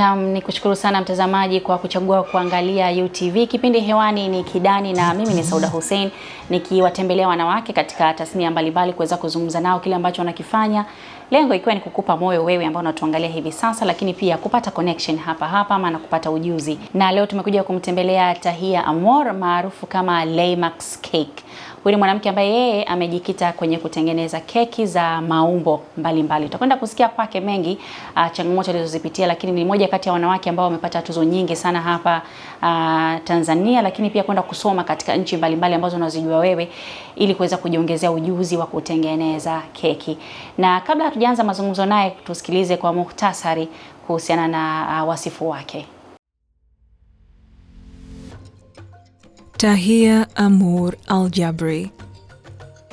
Naam, kushukuru sana mtazamaji kwa kuchagua kuangalia UTV. Kipindi hewani ni Kidani na mimi ni Sauda Hussein nikiwatembelea wanawake katika tasnia mbalimbali kuweza kuzungumza nao kile ambacho wanakifanya, lengo ikiwa ni kukupa moyo wewe ambao unatuangalia hivi sasa, lakini pia kupata connection hapa hapa ama na kupata ujuzi. Na leo tumekuja kumtembelea Tahia Amor maarufu kama laymax Cake. Huyu ni mwanamke ambaye yeye amejikita kwenye kutengeneza keki za maumbo mbalimbali. Tutakwenda kusikia kwake mengi uh, changamoto alizozipitia, lakini ni moja kati ya wanawake ambao wamepata tuzo nyingi sana hapa uh, Tanzania, lakini pia kwenda kusoma katika nchi mbalimbali ambazo unazijua wewe ili kuweza kujiongezea ujuzi wa kutengeneza keki. Na kabla hatujaanza mazungumzo naye, tusikilize kwa muhtasari kuhusiana na uh, wasifu wake. Tahia amur Al-Jabri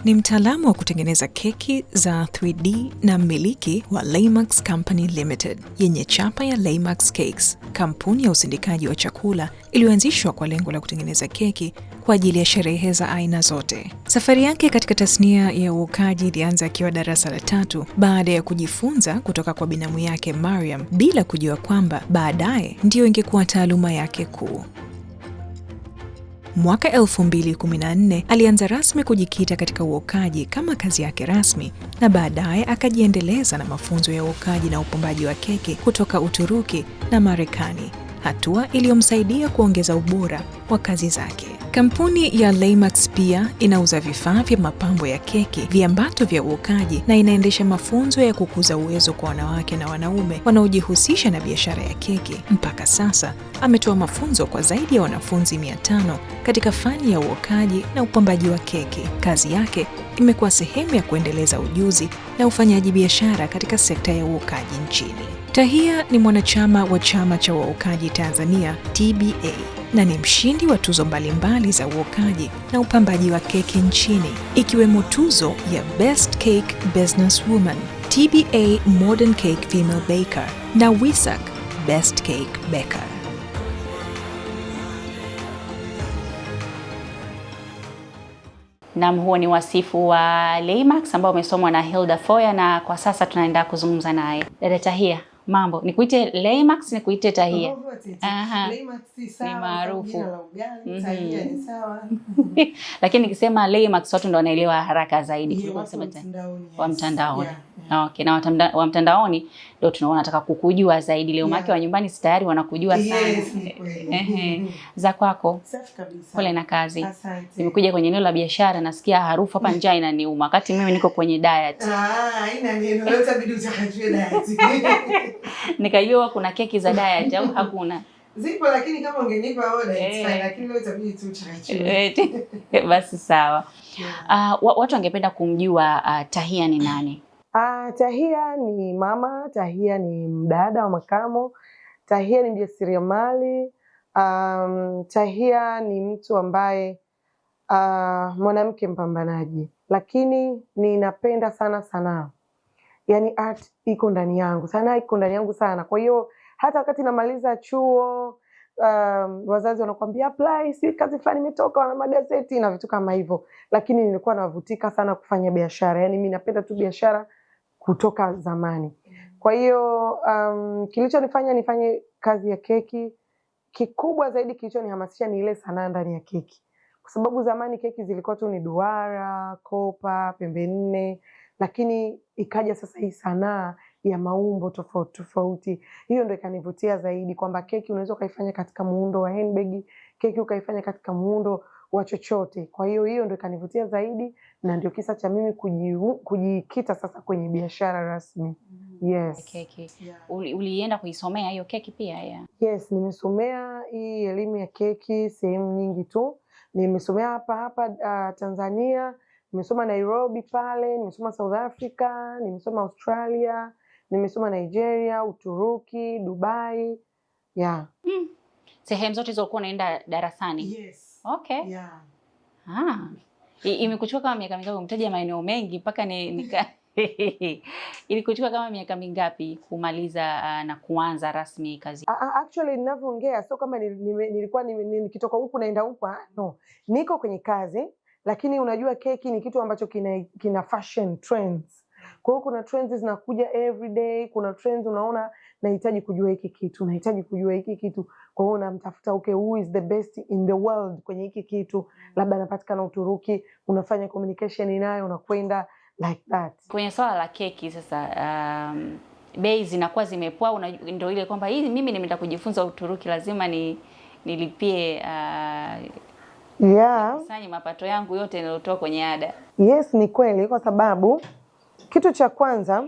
ni mtaalamu wa kutengeneza keki za 3D na mmiliki wa Laymax Company Limited yenye chapa ya Laymax Cakes, kampuni ya usindikaji wa chakula iliyoanzishwa kwa lengo la kutengeneza keki kwa ajili ya sherehe za aina zote. Safari yake katika tasnia ya uokaji ilianza akiwa darasa la tatu baada ya kujifunza kutoka kwa binamu yake Mariam, bila kujua kwamba baadaye ndiyo ingekuwa taaluma yake kuu. Mwaka 2014 alianza rasmi kujikita katika uokaji kama kazi yake rasmi na baadaye akajiendeleza na mafunzo ya uokaji na upambaji wa keki kutoka Uturuki na Marekani hatua iliyomsaidia kuongeza ubora wa kazi zake. Kampuni ya Leymax pia inauza vifaa vya mapambo ya keki, viambato vya uokaji na inaendesha mafunzo ya kukuza uwezo kwa wanawake na wanaume wanaojihusisha na biashara ya keki. Mpaka sasa ametoa mafunzo kwa zaidi ya wanafunzi 5 katika fani ya uokaji na upambaji wa keki. Kazi yake imekuwa sehemu ya kuendeleza ujuzi na ufanyaji biashara katika sekta ya uokaji nchini. Tahia ni mwanachama wa chama cha waokaji Tanzania TBA na ni mshindi wa tuzo mbalimbali za uokaji na upambaji wa keki nchini ikiwemo tuzo ya Best Cake Woman, TBA Modern Cake Female Baker na WISAC Best Cake Baker. Nam, huo ni wasifu wa Leymax ambao umesomwa na Hilda Foya, na kwa sasa tunaenda kuzungumza naye dada Tahia. Mambo nikuite Leymax, nikuite Tahia. Aha, ni maarufu mhm. lakini nikisema Leymax watu ndo wanaelewa haraka zaidi kuliko kusema wa mtandaoni na okay, na wa mtandaoni ndio tunaona nataka kukujua zaidi leo, maana yeah. wa nyumbani si tayari wanakujua yes, sana ehe. Mm-hmm. za kwako Safi pole na kazi. Nimekuja kwenye eneo la biashara, nasikia harufu hapa, njaa inaniuma, wakati mimi niko kwenye diet Ah, ina leo tabidi nikajua kuna keki za diet au hakuna? Zipo, lakini kama ungenipa oda it's eh. fine, lakini leo tabidi tu chachio. Eh, basi sawa. Yeah. Uh, watu wangependa kumjua uh, Tahia ni nani? Ah, Tahia ni mama, Tahia ni mdada wa makamo, Tahia ni mjasiriamali. Um, Tahia ni mtu ambaye uh, mwanamke mpambanaji, lakini ninapenda sana sanaa, yani art iko ndani yangu, sanaa iko ndani yangu sana. Kwa hiyo hata wakati namaliza chuo um, wazazi wanakuambia apply, si kazi fulani imetoka, na magazeti na vitu kama hivyo, lakini nilikuwa navutika sana kufanya biashara, yani mi napenda tu biashara kutoka zamani. Mm-hmm. Kwa hiyo um, kilichonifanya nifanye kazi ya keki kikubwa zaidi kilichonihamasisha ni ile sanaa ndani ya keki, kwa sababu zamani keki zilikuwa tu ni duara, kopa, pembe nne, lakini ikaja sasa hii sanaa ya maumbo tofauti tofauti. Hiyo ndo ikanivutia zaidi kwamba keki unaweza ukaifanya katika muundo wa handbag, keki ukaifanya katika muundo wa chochote. Kwa hiyo hiyo ndo ikanivutia zaidi, na ndio kisa cha mimi kujikita sasa kwenye biashara rasmi. Mm-hmm. Yes. Keki. Yeah. Ulienda kuisomea hiyo keki pia? Yeah. Yes, nimesomea hii elimu ya keki sehemu nyingi tu. Nimesomea hapa hapa uh, Tanzania, nimesoma Nairobi pale, nimesoma South Africa, nimesoma Australia, nimesoma Nigeria, Uturuki, Dubai. Yeah. Mm. Sehemu zote zilizokuwa unaenda darasani. Yes. Okay. Yeah. Ah. Imekuchukua kama miaka mingapi umtaja maeneo mengi mpaka ni nika ilikuchukua kama miaka mingapi kumaliza uh, na kuanza rasmi kazi? Actually ninavyoongea sio kama nilikuwa nikitoka huku naenda huku, ah, no, niko kwenye kazi, lakini unajua keki ni kitu ambacho kina, kina fashion trends. Kwa hiyo kuna trends zinakuja everyday, kuna trends unaona nahitaji kujua hiki kitu, nahitaji kujua hiki kitu. Kwa hiyo unamtafuta okay, who is the best in the world kwenye hiki kitu, labda anapatikana Uturuki, unafanya communication naye, unakwenda like that. Kwenye swala la keki sasa, um, bei zinakuwa zimepoa, ndio ile kwamba hii mimi nimeenda kujifunza Uturuki, lazima ni nilipie uh, yeah, sanya mapato yangu yote nilotoa kwenye ada. Yes, ni kweli, kwa sababu kitu cha kwanza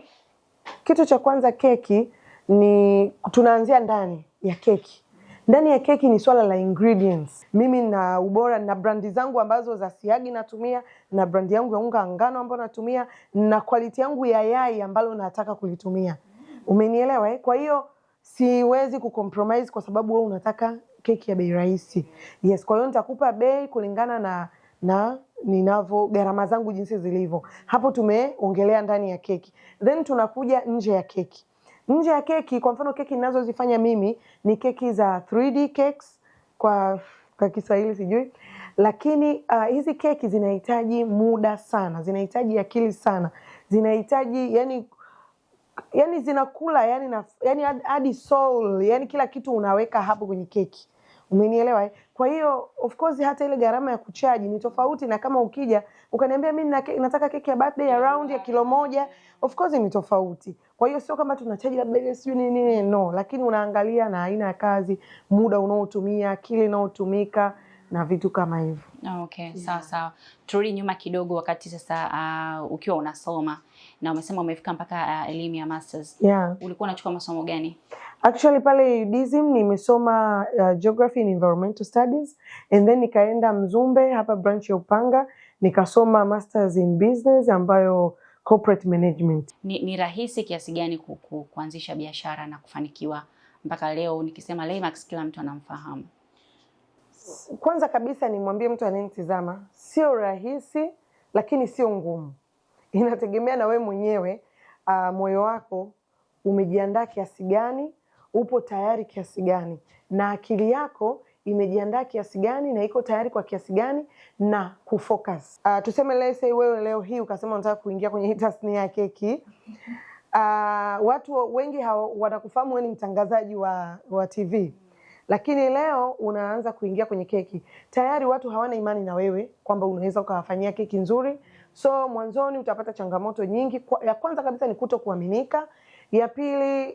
kitu cha kwanza keki ni tunaanzia ndani ya keki ndani ya keki ni swala la ingredients. Mimi na ubora na brandi zangu ambazo za siagi natumia na brandi yangu ya unga ngano ambayo natumia na quality yangu ya yai ambalo nataka kulitumia. Umenielewa eh? Kwa hiyo siwezi kucompromise kwa sababu wewe unataka keki ya bei rahisi. Yes, kwa hiyo nitakupa bei kulingana na na ninavyo gharama zangu jinsi zilivyo. Hapo tumeongelea ndani ya keki. Then tunakuja nje ya keki. Nje ya keki, kwa mfano keki ninazozifanya mimi ni keki za 3D cakes kwa kwa Kiswahili sijui, lakini uh, hizi keki zinahitaji muda sana, zinahitaji akili sana, zinahitaji yani yani zinakula yani na yani hadi soul yani kila kitu unaweka hapo kwenye keki, umenielewa? Eh? Kwa hiyo of course hata ile gharama ya kuchaji ni tofauti na kama ukija ukaniambia mimi nataka keki ya birthday ya round ya kilo moja, of course ni tofauti. Kwa hiyo sio kama tunachaji labda ile sijui nini nini, no, lakini unaangalia na aina ya kazi, muda unaotumia, akili inayotumika na vitu kama hivyo. Okay, sawa sawa. Turudi nyuma kidogo wakati sasa uh, ukiwa unasoma na umesema umefika mpaka uh, elimu ya masters. Yeah. Ulikuwa unachukua masomo gani? Actually pale UDSM nimesoma uh, geography and environmental studies and then nikaenda Mzumbe hapa branch ya Upanga nikasoma masters in business ambayo corporate management. Ni, ni rahisi kiasi gani kuku, kuanzisha biashara na kufanikiwa mpaka leo? Nikisema Leymax kila mtu anamfahamu. Kwanza kabisa nimwambie mtu anayenitizama, sio rahisi, lakini sio ngumu inategemea na we mwenyewe uh, moyo wako umejiandaa kiasi gani, upo tayari kiasi gani, na akili yako imejiandaa kiasi gani na iko tayari kwa kiasi gani na kufocus. Uh, tuseme lese wewe leo hii ukasema unataka kuingia kwenye hii tasnia ya keki uh, watu wengi hao wanakufahamu wewe ni mtangazaji wa, wa TV lakini leo unaanza kuingia kwenye keki, tayari watu hawana imani na wewe kwamba unaweza ukawafanyia keki nzuri So mwanzoni utapata changamoto nyingi. Ya kwanza kabisa ni kuto kuaminika, ya pili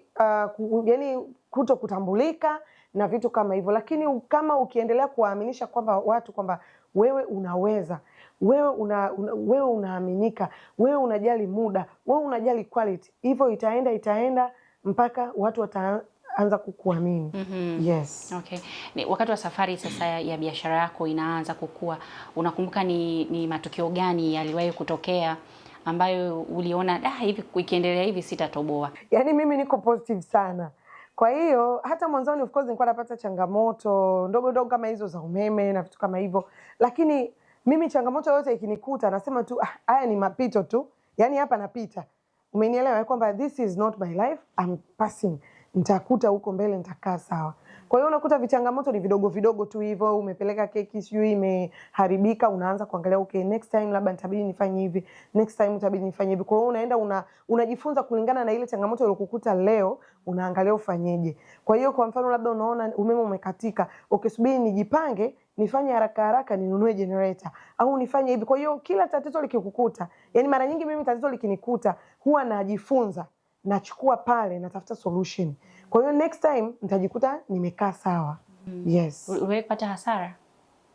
uh, yani kuto kutambulika na vitu kama hivyo, lakini kama ukiendelea kuwaaminisha kwamba watu kwamba wewe unaweza wewe una, una, wewe unaaminika, wewe unajali muda, wewe unajali quality, hivyo itaenda itaenda mpaka watu wata anza kukuamini. mm -hmm. Yes. Okay. Ni, wakati wa safari sasa ya biashara yako inaanza kukua, unakumbuka ni, ni matukio gani yaliwahi kutokea ambayo uliona da, ah, hivi ikiendelea hivi sitatoboa? Yaani mimi niko positive sana kwa hiyo hata mwanzoni of course nilikuwa napata changamoto ndogo ndogo kama hizo za umeme na vitu kama hivyo, lakini mimi changamoto yote ikinikuta nasema tu ah, haya, ni mapito tu, yaani hapa napita. Umenielewa kwamba this is not my life I'm passing nitakuta huko mbele nitakaa sawa. Kwa hiyo unakuta vichangamoto ni vidogo vidogo tu hivyo, umepeleka keki sijui imeharibika, unaanza kuangalia okay, next time labda nitabidi nifanye hivi, next time nitabidi nifanye hivi. Kwa hiyo unaenda una, unajifunza kulingana na ile changamoto iliyokukuta leo, unaangalia ufanyeje. Kwa hiyo kwa mfano labda unaona umeme umekatika, ukisubiri okay, nijipange nifanye haraka haraka ninunue generator au nifanye hivi. Kwa hiyo kila tatizo likikukuta, yani mara nyingi mimi tatizo likinikuta huwa najifunza nachukua pale, natafuta solution. Kwa hiyo next time nitajikuta nimekaa sawa. Mm. Yes. Umepata hasara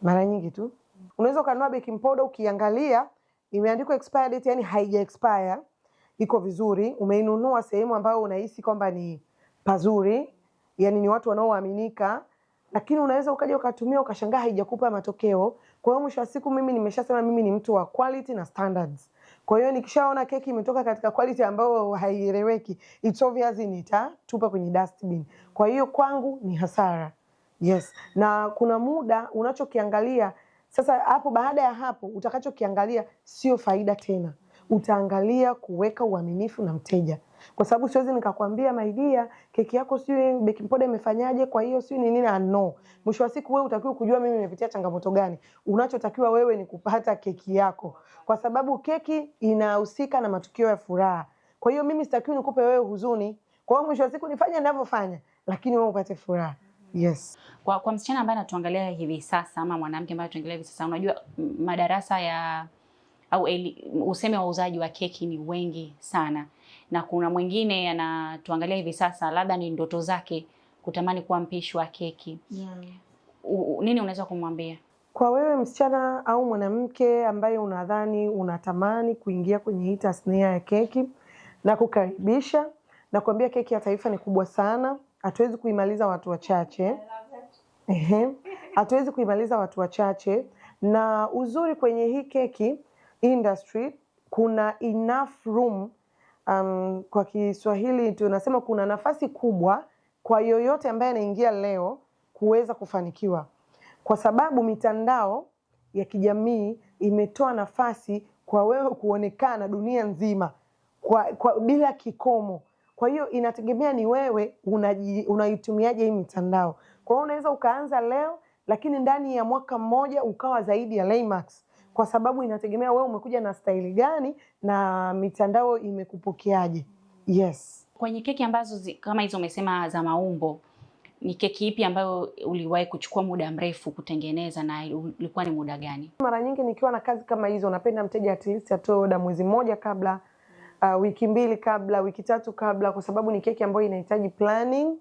mara nyingi tu. Mm. Unaweza ukanunua baking powder ukiangalia imeandikwa expired date, yani haija expire, iko vizuri, umeinunua sehemu ambayo unahisi kwamba ni pazuri, yani ni watu wanaoaminika, lakini unaweza ukaja ukatumia ukashangaa haijakupa matokeo. Kwa hiyo mwisho wa siku, mimi nimeshasema mimi ni mtu wa quality na standards. Kwa hiyo nikishaona keki imetoka katika quality ambayo haieleweki, it's obvious nitatupa kwenye dustbin. Kwa hiyo kwangu ni hasara. Yes, na kuna muda unachokiangalia sasa hapo, baada ya hapo utakachokiangalia sio faida tena, utaangalia kuweka uaminifu na mteja kwa sababu siwezi nikakwambia my dear, keki yako sio baking powder imefanyaje, kwa hiyo sio ni nini no. Mwisho wa siku wewe utakiwa kujua mimi nimepitia changamoto gani. Unachotakiwa wewe ni kupata keki yako, kwa sababu keki inahusika na matukio ya furaha. Kwa hiyo mimi sitakiwi nikupe wewe huzuni, kwa hiyo mwisho wa siku nifanye ninavyofanya, lakini wewe upate furaha. Yes. Kwa, kwa msichana ambaye anatuangalia hivi sasa ama mwanamke ambaye anatuangalia hivi sasa, unajua madarasa ya au useme wauzaji wa keki ni wengi sana. mm na kuna mwingine anatuangalia hivi sasa, labda ni ndoto zake kutamani kuwa mpishi wa keki yeah. U, nini unaweza kumwambia kwa wewe msichana au mwanamke ambaye unadhani unatamani kuingia kwenye hii tasnia ya keki na kukaribisha na kuambia keki ya taifa ni kubwa sana, hatuwezi kuimaliza watu wachache, hatuwezi kuimaliza watu wachache. Na uzuri kwenye hii keki industry kuna enough room um, kwa Kiswahili tunasema kuna nafasi kubwa kwa yoyote ambaye anaingia leo kuweza kufanikiwa, kwa sababu mitandao ya kijamii imetoa nafasi kwa wewe kuonekana dunia nzima kwa, kwa bila kikomo. Kwa hiyo inategemea ni wewe unaitumiaje hii mitandao. Kwa hiyo unaweza ukaanza leo, lakini ndani ya mwaka mmoja ukawa zaidi ya Leymax kwa sababu inategemea wewe umekuja na staili gani na mitandao imekupokeaje. Yes, kwenye keki ambazo zi, kama hizo umesema za maumbo, ni keki ipi ambayo uliwahi kuchukua muda mrefu kutengeneza na ulikuwa ni muda gani? Mara nyingi nikiwa na kazi kama hizo, napenda mteja at least atoe oda mwezi mmoja kabla, uh, wiki mbili kabla, wiki tatu kabla, kwa sababu ni keki ambayo inahitaji planning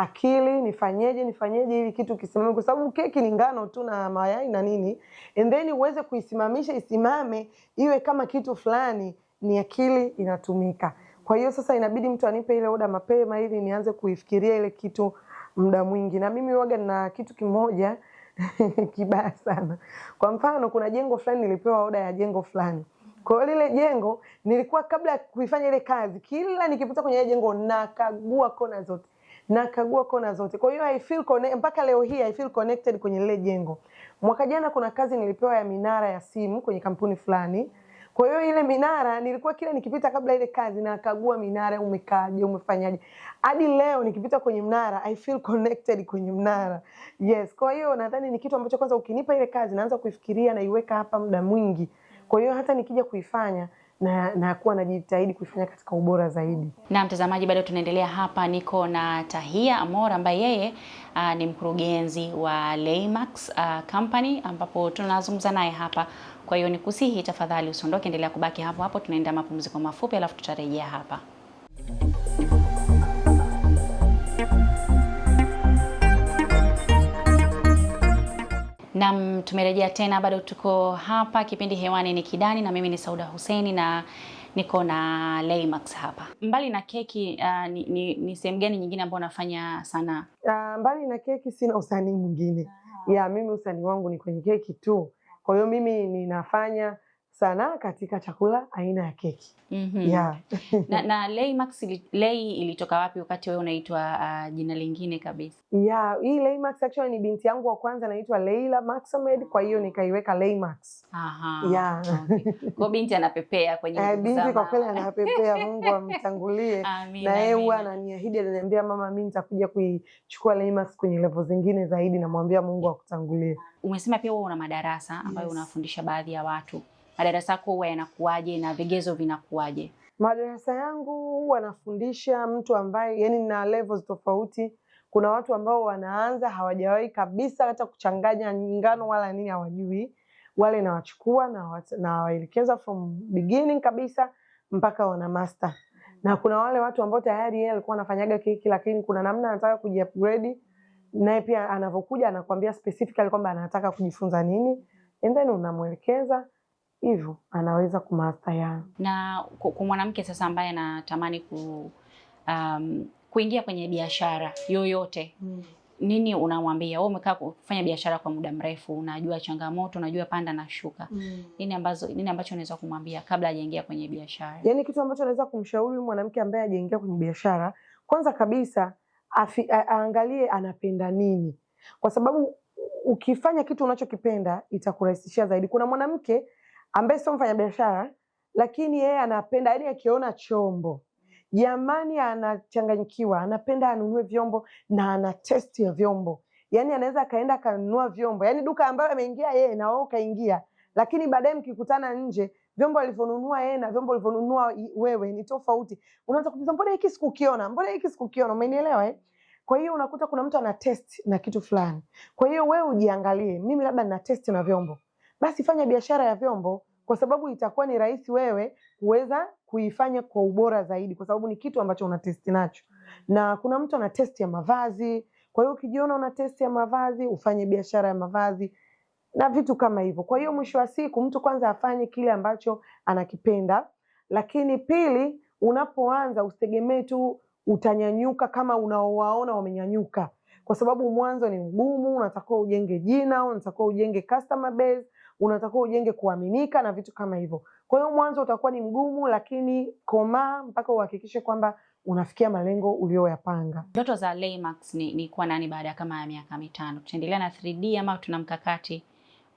akili, nifanyeje nifanyeje hili kitu kisimame, kwa sababu keki ni ngano tu na mayai na nini, and then uweze kuisimamisha isimame iwe kama kitu fulani, ni akili inatumika. Kwa hiyo sasa inabidi mtu anipe ile oda mapema ili nianze kuifikiria ile kitu muda mwingi, na mimi waga na kitu kimoja kibaya sana. Kwa mfano, kuna jengo fulani nilipewa oda ya jengo fulani kwa hiyo lile jengo nilikuwa kabla ya kuifanya ile kazi, kila nikipita kwenye ile jengo nakagua kona zote nakagua kona zote. Kwa hiyo I feel connected mpaka leo hii I feel connected kwenye lile jengo. Mwaka jana kuna kazi nilipewa ya minara ya simu kwenye kampuni fulani. Kwa hiyo ile minara nilikuwa kila nikipita kabla ile kazi nakagua minara umekaaje, umefanyaje. Hadi leo nikipita kwenye mnara I feel connected kwenye mnara. Yes, kwa hiyo nadhani ni kitu ambacho kwanza ukinipa ile kazi naanza kuifikiria na iweka hapa muda mwingi. Kwa hiyo hata nikija kuifanya na, na kuwa najitahidi kuifanya katika ubora zaidi. Na mtazamaji, bado tunaendelea hapa, niko na Tahia Amor ambaye yeye uh, ni mkurugenzi wa Laymax uh, company ambapo tunazungumza naye hapa. Kwa hiyo nikusihi tafadhali usiondoke, endelea kubaki hapo hapo, tunaenda mapumziko mafupi alafu tutarejea hapa. Nam, tumerejea tena, bado tuko hapa, kipindi hewani ni Kidani na mimi ni Sauda Huseni na niko na Leymax hapa. Mbali na keki uh, ni, ni, ni sehemu gani nyingine ambayo unafanya sanaa? Uh, mbali na keki sina usanii mwingine. Ya, mimi usanii wangu ni kwenye keki tu, kwa hiyo mimi ninafanya sana katika chakula aina ya keki. mm -hmm. yeah. na, na Max ili, Lay ilitoka wapi wakati wewe unaitwa uh, jina lingine kabisa? yeah, hii Max actually ni binti yangu wa kwanza anaitwa Leila Maxamed, kwa hiyo nikaiweka Max. Aha. yeah. okay. Kwa binti anapepea kwenye eh, binti kwa kweli anapepea Mungu amtangulie na yeye huwa ananiahidi ananiambia, mama, mimi nitakuja kuichukua Max kwenye level zingine zaidi, namwambia Mungu akutangulie. Umesema pia wewe una madarasa ambayo yes. unafundisha baadhi ya watu madarasa yako huwa yanakuaje na vigezo vinakuaje? Madarasa yangu wanafundisha mtu ambaye yani, na levels tofauti. Kuna watu ambao wanaanza hawajawahi kabisa hata kuchanganya ngano wala nini, hawajui wale, nawachukua nawaelekeza from beginning kabisa mpaka wana master na kuna wale watu ambao tayari yeye alikuwa anafanyaga keki, lakini kuna namna anataka kujiupgrade, naye pia anavyokuja anakuambia specifically kwamba anataka kujifunza nini, and then unamwelekeza hivyo anaweza ya na kwa mwanamke sasa ambaye anatamani ku, um, kuingia kwenye biashara yoyote mm. Nini unamwambia wewe? Umekaa kufanya biashara kwa muda mrefu, unajua changamoto, unajua panda na shuka mm. Nini ambazo nini ambacho unaweza kumwambia kabla hajaingia kwenye biashara? Yaani kitu ambacho naweza kumshauri mwanamke ambaye hajaingia kwenye biashara, kwanza kabisa afi, a, aangalie anapenda nini, kwa sababu ukifanya kitu unachokipenda itakurahisishia zaidi. Kuna mwanamke ambaye sio mfanya biashara, lakini yeye anapenda, yani, akiona chombo jamani, anachanganyikiwa, anapenda anunue vyombo na ana test ya vyombo, yani, anaweza akaenda akanunua vyombo, yani, duka ambayo ameingia yeye na wewe ukaingia, lakini baadaye mkikutana nje vyombo alivyonunua yeye na vyombo alivyonunua wewe ni tofauti. Unaanza kuuliza mbona hiki sikukiona, mbona hiki sikukiona, umenielewa eh? Kwa hiyo unakuta kuna mtu ana test na kitu fulani, kwa hiyo wewe ujiangalie, mimi labda nina test na vyombo basi fanya biashara ya vyombo, kwa sababu itakuwa ni rahisi wewe kuweza kuifanya kwa ubora zaidi, kwa sababu ni kitu ambacho una testi nacho. Na kuna mtu ana testi ya mavazi, kwa hiyo ukijiona una testi ya mavazi ufanye biashara ya mavazi na vitu kama hivyo. Kwa hiyo mwisho wa siku, mtu kwanza afanye kile ambacho anakipenda, lakini pili, unapoanza usitegemee tu utanyanyuka kama unaowaona wamenyanyuka, kwa sababu mwanzo ni mgumu. Unatakiwa ujenge jina, unatakiwa ujenge customer base, unatakiwa ujenge kuaminika na vitu kama hivyo. Kwa hiyo mwanzo utakuwa ni mgumu, lakini komaa mpaka uhakikishe kwamba unafikia malengo ulioyapanga. Ndoto za Laymax ni, ni kuwa nani baada ya kama ya miaka mitano? Tutaendelea na 3D ama tuna mkakati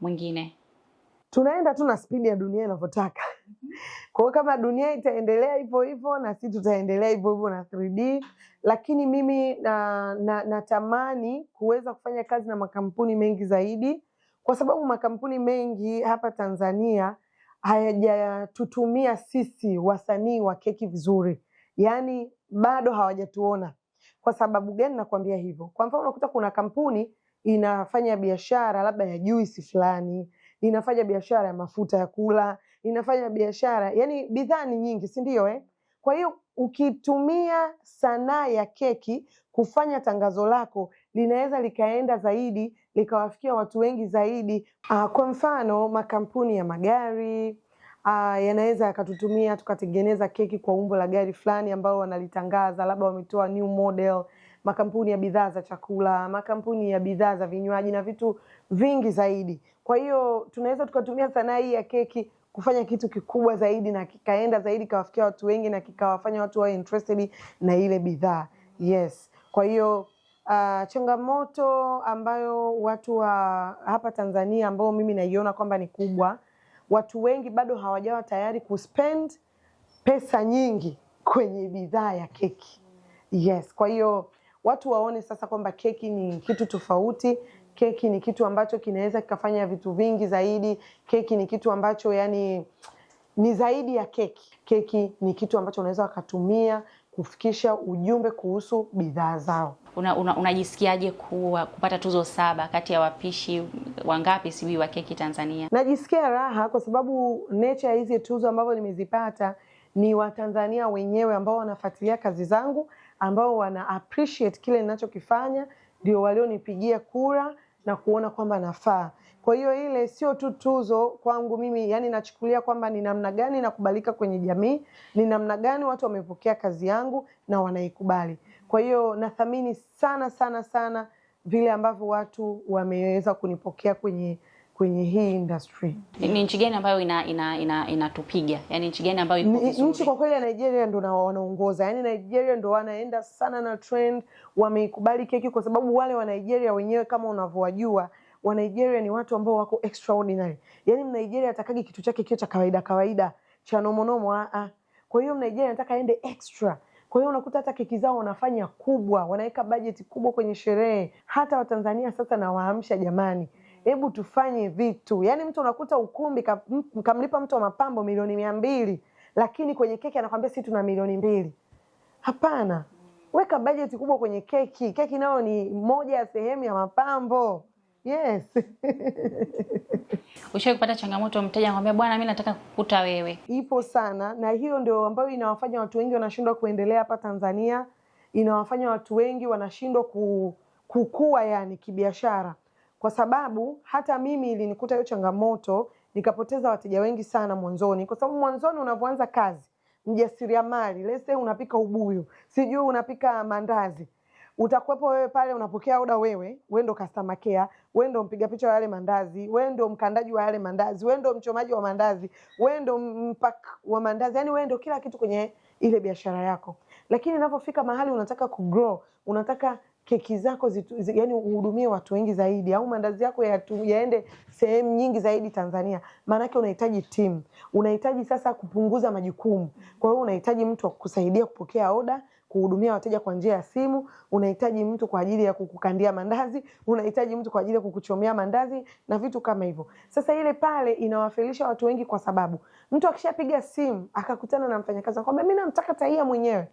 mwingine? Tunaenda tu na spidi ya dunia inavyotaka. Kwa hiyo kama dunia itaendelea hivyo hivyo na sisi tutaendelea hivyo hivyo na 3D, lakini mimi na, na, natamani kuweza kufanya kazi na makampuni mengi zaidi kwa sababu makampuni mengi hapa Tanzania hayajatutumia sisi wasanii wa keki vizuri, yaani bado hawajatuona. Kwa sababu gani nakwambia hivyo? Kwa mfano, unakuta kuna kampuni inafanya biashara labda ya juisi fulani, inafanya biashara ya mafuta ya kula, inafanya biashara yani, bidhaa ni nyingi, si ndio eh? Kwa hiyo ukitumia sanaa ya keki kufanya tangazo lako linaweza likaenda zaidi likawafikia watu wengi zaidi. Uh, kwa mfano makampuni ya magari uh, yanaweza yakatutumia tukatengeneza keki kwa umbo la gari fulani ambao wanalitangaza, labda wametoa new model. Makampuni ya bidhaa za chakula, makampuni ya bidhaa za vinywaji na vitu vingi zaidi. Kwa hiyo tunaweza tukatumia sanaa hii ya keki kufanya kitu kikubwa zaidi na kikaenda zaidi kawafikia watu wengi na kikawafanya watu wawe interested na ile bidhaa. Yes, kwa hiyo Uh, changamoto ambayo watu wa hapa Tanzania ambao mimi naiona kwamba ni kubwa, watu wengi bado hawajawa tayari kuspend pesa nyingi kwenye bidhaa ya keki. Yes, kwa hiyo watu waone sasa kwamba keki ni kitu tofauti. Keki ni kitu ambacho kinaweza kikafanya vitu vingi zaidi. Keki ni kitu ambacho yani ni zaidi ya keki. Keki ni kitu ambacho unaweza wakatumia kufikisha ujumbe kuhusu bidhaa zao. Unajisikiaje una, una kuwa kupata tuzo saba kati ya wapishi wangapi sijui wa keki Tanzania? Najisikia raha kwa sababu nature ya hizi tuzo ambavyo nimezipata ni Watanzania wenyewe ambao wanafuatilia kazi zangu, ambao wana appreciate kile ninachokifanya, ndio walionipigia kura na kuona kwamba nafaa. Kwa hiyo ile sio tu tuzo kwangu mimi, yani nachukulia kwamba ni namna gani nakubalika kwenye jamii, ni namna gani watu wamepokea kazi yangu na wanaikubali. Kwa hiyo nathamini sana sana sana vile ambavyo watu wameweza kunipokea kwenye kwenye hii industry. Ni nchi gani ambayo inatupiga ina, ina, ina yani nchi gani ambayo Nchi kwa kweli ya Nigeria ndo wanaongoza, yani Nigeria ndo wanaenda sana na trend, wameikubali keki kwa sababu wale wa Nigeria wenyewe kama unavyowajua wa Nigeria ni watu ambao wako extraordinary. Yaani Mnigeria atakagi kitu chake kio cha kawaida kawaida cha nomonomo a a. Kwa hiyo Mnigeria anataka aende extra. Kwa hiyo unakuta hata keki zao wanafanya kubwa, wanaweka bajeti kubwa kwenye sherehe. Hata Watanzania sasa nawaamsha jamani. Hebu tufanye vitu. Yaani mtu unakuta ukumbi kamlipa mtu wa mapambo milioni mia mbili lakini kwenye keki anakwambia si tuna milioni mbili. Hapana. Weka bajeti kubwa kwenye keki. Keki nayo ni moja ya sehemu ya mapambo. Yes. Ushawahi kupata changamoto, mteja anakuambia bwana, mimi nataka kukuta wewe? Ipo sana, na hiyo ndio ambayo inawafanya watu wengi wanashindwa kuendelea hapa Tanzania, inawafanya watu wengi wanashindwa ku, kukua yani kibiashara, kwa sababu hata mimi ilinikuta hiyo changamoto, nikapoteza wateja wengi sana mwanzoni, kwa sababu mwanzoni unavyoanza kazi, mjasiriamali, lese unapika ubuyu, sijui unapika mandazi, utakuwepo wewe pale, unapokea oda wewe, wewe ndo customer care wewe ndio mpiga picha wa yale mandazi, wewe ndio mkandaji wa yale mandazi, wewe ndio mchomaji wa mandazi, wewe ndio mpak wa mandazi, yani wewe ndio kila kitu kwenye ile biashara yako. Lakini inapofika mahali unataka kugrow, unataka keki zako zitu, zi, yani uhudumie watu wengi zaidi au mandazi yako yatu, yaende sehemu nyingi zaidi Tanzania. yake unahitaji team, unahitaji sasa kupunguza majukumu. Kwa hiyo unahitaji mtu wa kupokea oda, kuhudumia wateja kwa njia ya simu, unahitaji mtu kwa ajili ya kukukandia mandazi, unahitaji mtu kwa ajili ya kukuchomea mandazi na vitu kama hivyo. Sasa ile pale inawafilisha watu wengi, kwa sababu mtu akishapiga simu akakutana na mfanyakazi akwambia, mimi namtaka taia mwenyewe,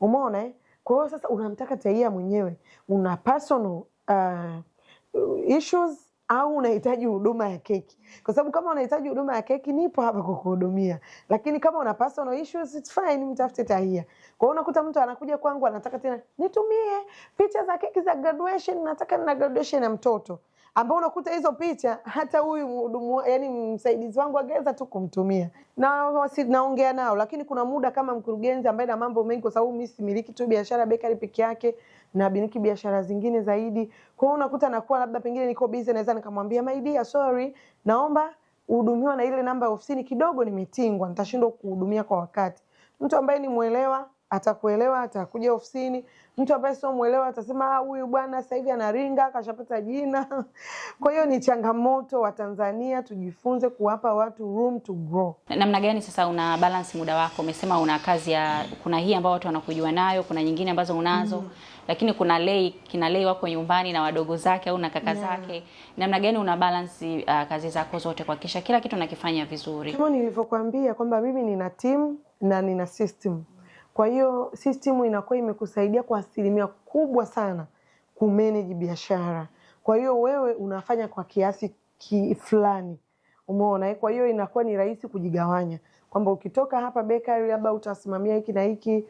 umeona eh? Kwa hiyo sasa unamtaka taia mwenyewe, una personal uh, issues au unahitaji huduma ya keki? Kwa sababu kama unahitaji huduma ya keki, nipo hapa kukuhudumia, lakini kama una personal issues it's fine, mtafute Tahia. Kwa hiyo unakuta mtu anakuja kwangu anataka tena nitumie picha za keki za graduation, nataka na graduation ya mtoto ambao unakuta hizo picha hata huyu mhudumu yani msaidizi wangu angeweza tu kumtumia na naongea nao, lakini kuna muda kama mkurugenzi ambaye na mambo mengi, kwa sababu mimi similiki tu biashara bakery peke yake, na biniki biashara zingine zaidi. Kwa hiyo unakuta nakuwa labda pengine niko busy, naweza nikamwambia my dear, sorry, naomba uhudumiwa na ile namba ya ofisini, kidogo nimetingwa, nitashindwa kuhudumia kwa wakati. Mtu ambaye ni mwelewa atakuelewa, atakuja ofisini. Mtu ambaye sio mwelewa atasema ah, huyu bwana sasa hivi anaringa, kashapata jina. Kwa hiyo ni changamoto wa Tanzania, tujifunze kuwapa watu room to grow. Namna gani sasa una balance muda wako? Umesema una kazi ya, kuna hii ambayo watu wanakujua nayo, kuna nyingine ambazo unazo mm lakini kuna lei kina lei wako nyumbani na wadogo zake au na kaka zake, namna gani una balance uh, kazi zako zote kuhakikisha kila kitu nakifanya vizuri, kama nilivyokuambia kwamba mimi nina team na nina system. Kwa hiyo system inakuwa imekusaidia kwa asilimia kubwa sana kumanage biashara. Kwa hiyo wewe unafanya kwa kiasi ki fulani, umeona. Eh? Kwa hiyo inakuwa ni rahisi kujigawanya kwamba ukitoka hapa bakery labda utasimamia hiki na hiki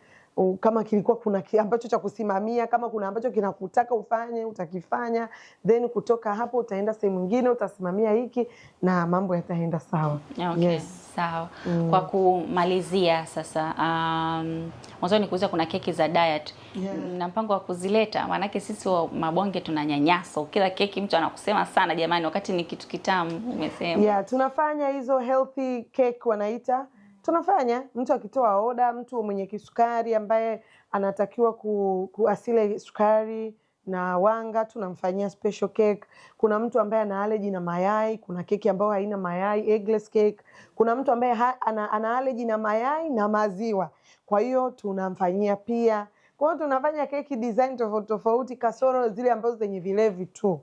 kama kilikuwa kuna ambacho cha kusimamia, kama kuna ambacho kinakutaka ufanye utakifanya, then kutoka hapo utaenda sehemu nyingine utasimamia hiki na mambo yataenda sawa. Okay, yes. Sawa. Mm. Kwa kumalizia sasa, um, mwanzoni kuuza kuna keki za diet yeah. Na mpango wa kuzileta, maanake sisi wa mabonge nyanyaso kila keki, mtu anakusema sana jamani, wakati ni kitu kitamu umesema. Yeah, tunafanya hizo healthy cake wanaita tunafanya. Mtu akitoa oda, mtu mwenye kisukari ambaye anatakiwa ku, kuasile sukari na wanga tunamfanyia special cake. Kuna mtu ambaye ana allergy na mayai, kuna keki ambayo haina mayai, eggless cake. Kuna mtu ambaye ana, ana allergy na mayai na maziwa, kwa hiyo tunamfanyia pia. Kwa hiyo tunafanya keki design tofauti tofauti, kasoro zile ambazo zenye vilevi tu.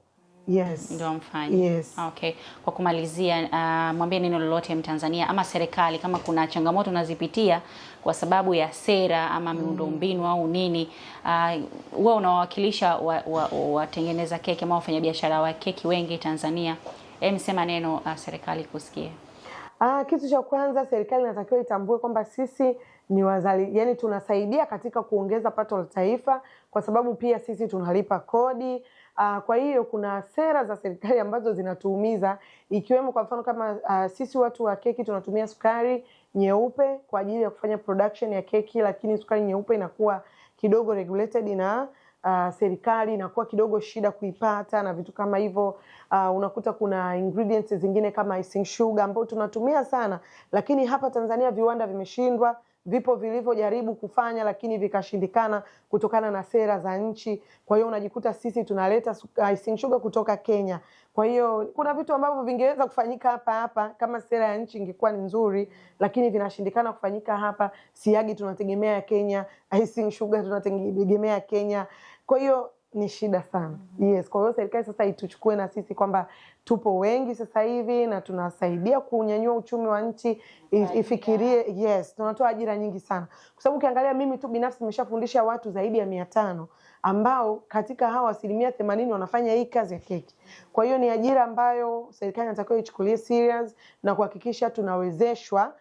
Yes. Ndio mfanye. Yes. Okay. Kwa kumalizia, uh, mwambie neno lolote Mtanzania ama serikali kama kuna changamoto unazipitia kwa sababu ya sera ama miundombinu mm. au nini, uh, unawakilisha unawawakilisha watengeneza wa, wa keki ama wafanyabiashara wa keki wengi Tanzania. Hem, sema neno uh, serikali kusikie. Ah, kitu cha kwanza serikali inatakiwa itambue kwamba sisi ni wazali, yani tunasaidia katika kuongeza pato la taifa, kwa sababu pia sisi tunalipa kodi Uh, kwa hiyo kuna sera za serikali ambazo zinatuumiza ikiwemo kwa mfano kama uh, sisi watu wa keki tunatumia sukari nyeupe kwa ajili ya kufanya production ya keki, lakini sukari nyeupe inakuwa kidogo regulated na uh, serikali inakuwa kidogo shida kuipata na vitu kama hivyo. Uh, unakuta kuna ingredients zingine kama icing sugar ambayo tunatumia sana, lakini hapa Tanzania viwanda vimeshindwa vipo vilivyojaribu kufanya lakini vikashindikana kutokana na sera za nchi. Kwa hiyo unajikuta sisi tunaleta uh, icing sugar kutoka Kenya. Kwa hiyo kuna vitu ambavyo vingeweza kufanyika hapa hapa kama sera ya nchi ingekuwa ni nzuri, lakini vinashindikana kufanyika hapa. Siagi tunategemea Kenya, icing sugar tunategemea Kenya, kwa hiyo ni shida sana mm -hmm. Yes, kwa hiyo serikali sasa ituchukue na sisi kwamba tupo wengi sasa hivi na tunasaidia kunyanyua uchumi wa nchi, ifikirie. Yes, tunatoa ajira nyingi sana, kwa sababu ukiangalia, mimi tu binafsi nimeshafundisha watu zaidi ya mia tano ambao katika hawa asilimia themanini wanafanya hii kazi ya keki. Kwa hiyo ni ajira ambayo serikali inatakiwa ichukulie serious na kuhakikisha tunawezeshwa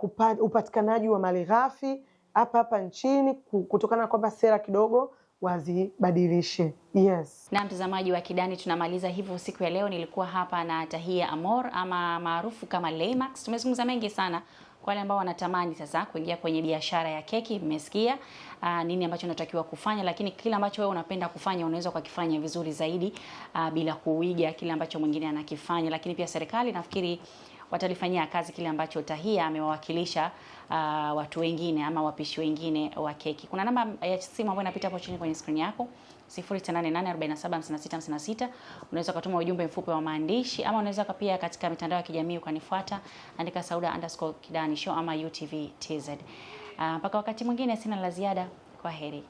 uh, upatikanaji wa malighafi hapa hapa nchini, kutokana na kwamba sera kidogo wazibadilishe. Yes. Na mtazamaji wa Kidani, tunamaliza hivyo siku ya leo. Nilikuwa hapa na Tahia Amor ama maarufu kama Leymax. Tumezungumza mengi sana kwa wale ambao wanatamani sasa kuingia kwenye biashara ya keki. Mmesikia ah, nini ambacho unatakiwa kufanya, lakini kile ambacho wewe unapenda kufanya unaweza kukifanya vizuri zaidi aa, ah, bila kuiga kile ambacho mwingine anakifanya, lakini pia serikali nafikiri watalifanyia kazi kile ambacho Tahia amewawakilisha uh, watu wengine ama wapishi wengine wa keki. Kuna namba ya simu ambayo inapita hapo chini kwenye skrini yako 0888475656. Unaweza ukatuma ujumbe mfupi wa maandishi ama unaweza pia katika mitandao ya kijamii ukanifuata, andika Sauda underscore Kidani Show ama UTV TZ. Uh, mpaka uh, wakati mwingine, sina la ziada. Kwa heri.